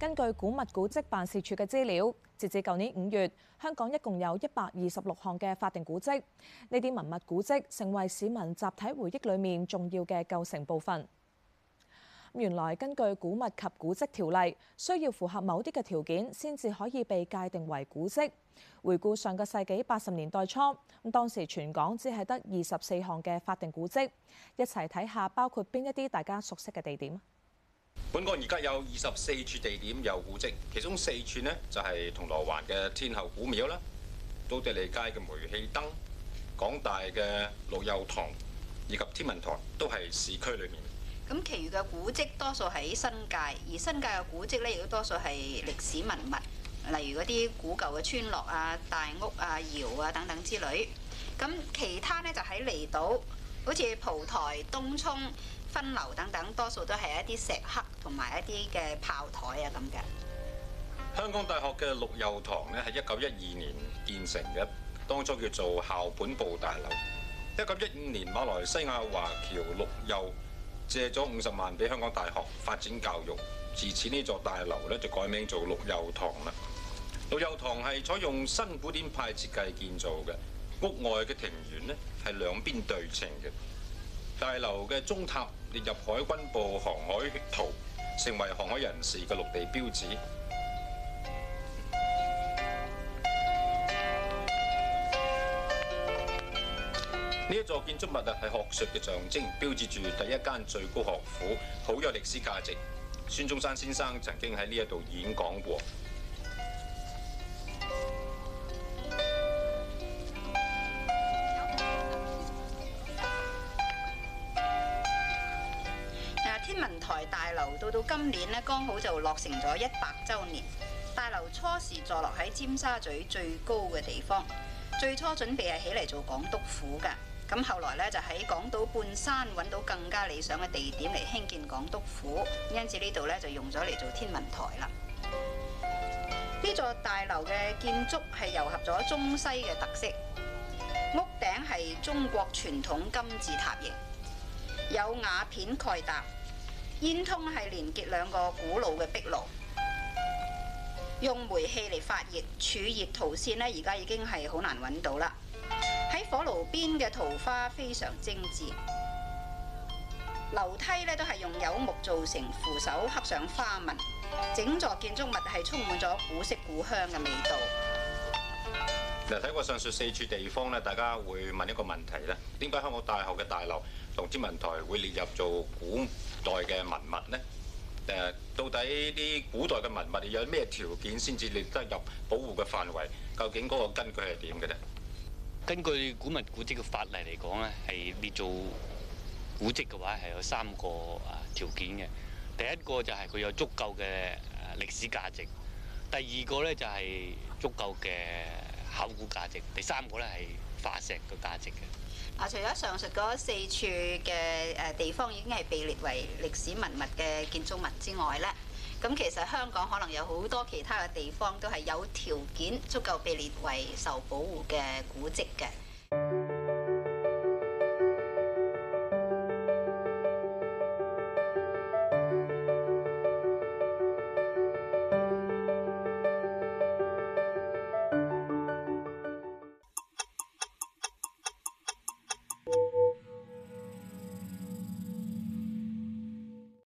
根據古物古蹟辦事處嘅資料，截至舊年五月，香港一共有一百二十六項嘅法定古蹟。呢啲文物古蹟成為市民集體回憶裏面重要嘅構成部分。原來根據《古物及古蹟條例》，需要符合某啲嘅條件先至可以被界定為古蹟。回顧上個世紀八十年代初，咁當時全港只係得二十四項嘅法定古蹟。一齊睇下包括邊一啲大家熟悉嘅地點。本港而家有二十四處地點有古蹟，其中四處呢就係銅鑼灣嘅天后古廟啦、都爹利街嘅煤氣燈、港大嘅陸佑堂以及天文台都係市區裏面。咁其餘嘅古蹟多數喺新界，而新界嘅古蹟咧亦都多數係歷史文物，例如嗰啲古舊嘅村落啊、大屋啊、窑啊等等之類。咁其他咧就喺離島，好似蒲台、東涌。分流等等，多數都係一啲石刻同埋一啲嘅炮台啊咁嘅。香港大學嘅陸佑堂呢，係一九一二年建成嘅，當初叫做校本部大樓。一九一五年，馬來西亞華僑陸佑借咗五十萬俾香港大學發展教育，自此呢座大樓呢，就改名做陸佑堂啦。陸佑堂係採用新古典派設計建造嘅，屋外嘅庭園呢，係兩邊對稱嘅。大樓嘅中塔列入海軍部航海圖，成為航海人士嘅陸地標誌。呢一座建築物啊，係學術嘅象徵，標誌住第一間最高學府，好有歷史價值。孫中山先生曾經喺呢一度演講過。台大樓到到今年呢，剛好就落成咗一百週年。大樓初時坐落喺尖沙咀最高嘅地方，最初準備係起嚟做港督府嘅。咁後來呢，就喺港島半山揾到更加理想嘅地點嚟興建港督府，因此呢度呢，就用咗嚟做天文台啦。呢座大樓嘅建築係糅合咗中西嘅特色，屋頂係中國傳統金字塔形，有瓦片蓋搭。煙通係連結兩個古老嘅壁爐，用煤氣嚟發熱。儲熱陶線咧，而家已經係好難揾到啦。喺火爐邊嘅桃花非常精緻，樓梯咧都係用柚木做成扶手，刻上花紋。整座建築物係充滿咗古色古香嘅味道。嗱，睇過上述四處地方咧，大家會問一個問題咧：點解香港大學嘅大樓同天文台會列入做古代嘅文物咧？誒，到底啲古代嘅文物有咩條件先至列得入保護嘅範圍？究竟嗰個根據係點嘅咧？根據古物古蹟嘅法例嚟講咧，係列做古蹟嘅話係有三個啊條件嘅。第一個就係佢有足夠嘅誒歷史價值；第二個咧就係足夠嘅考古價值，第三個咧係化石個價值嘅。啊，除咗上述嗰四處嘅誒地方已經係被列為歷史文物嘅建築物之外咧，咁其實香港可能有好多其他嘅地方都係有條件足夠被列為受保護嘅古蹟嘅。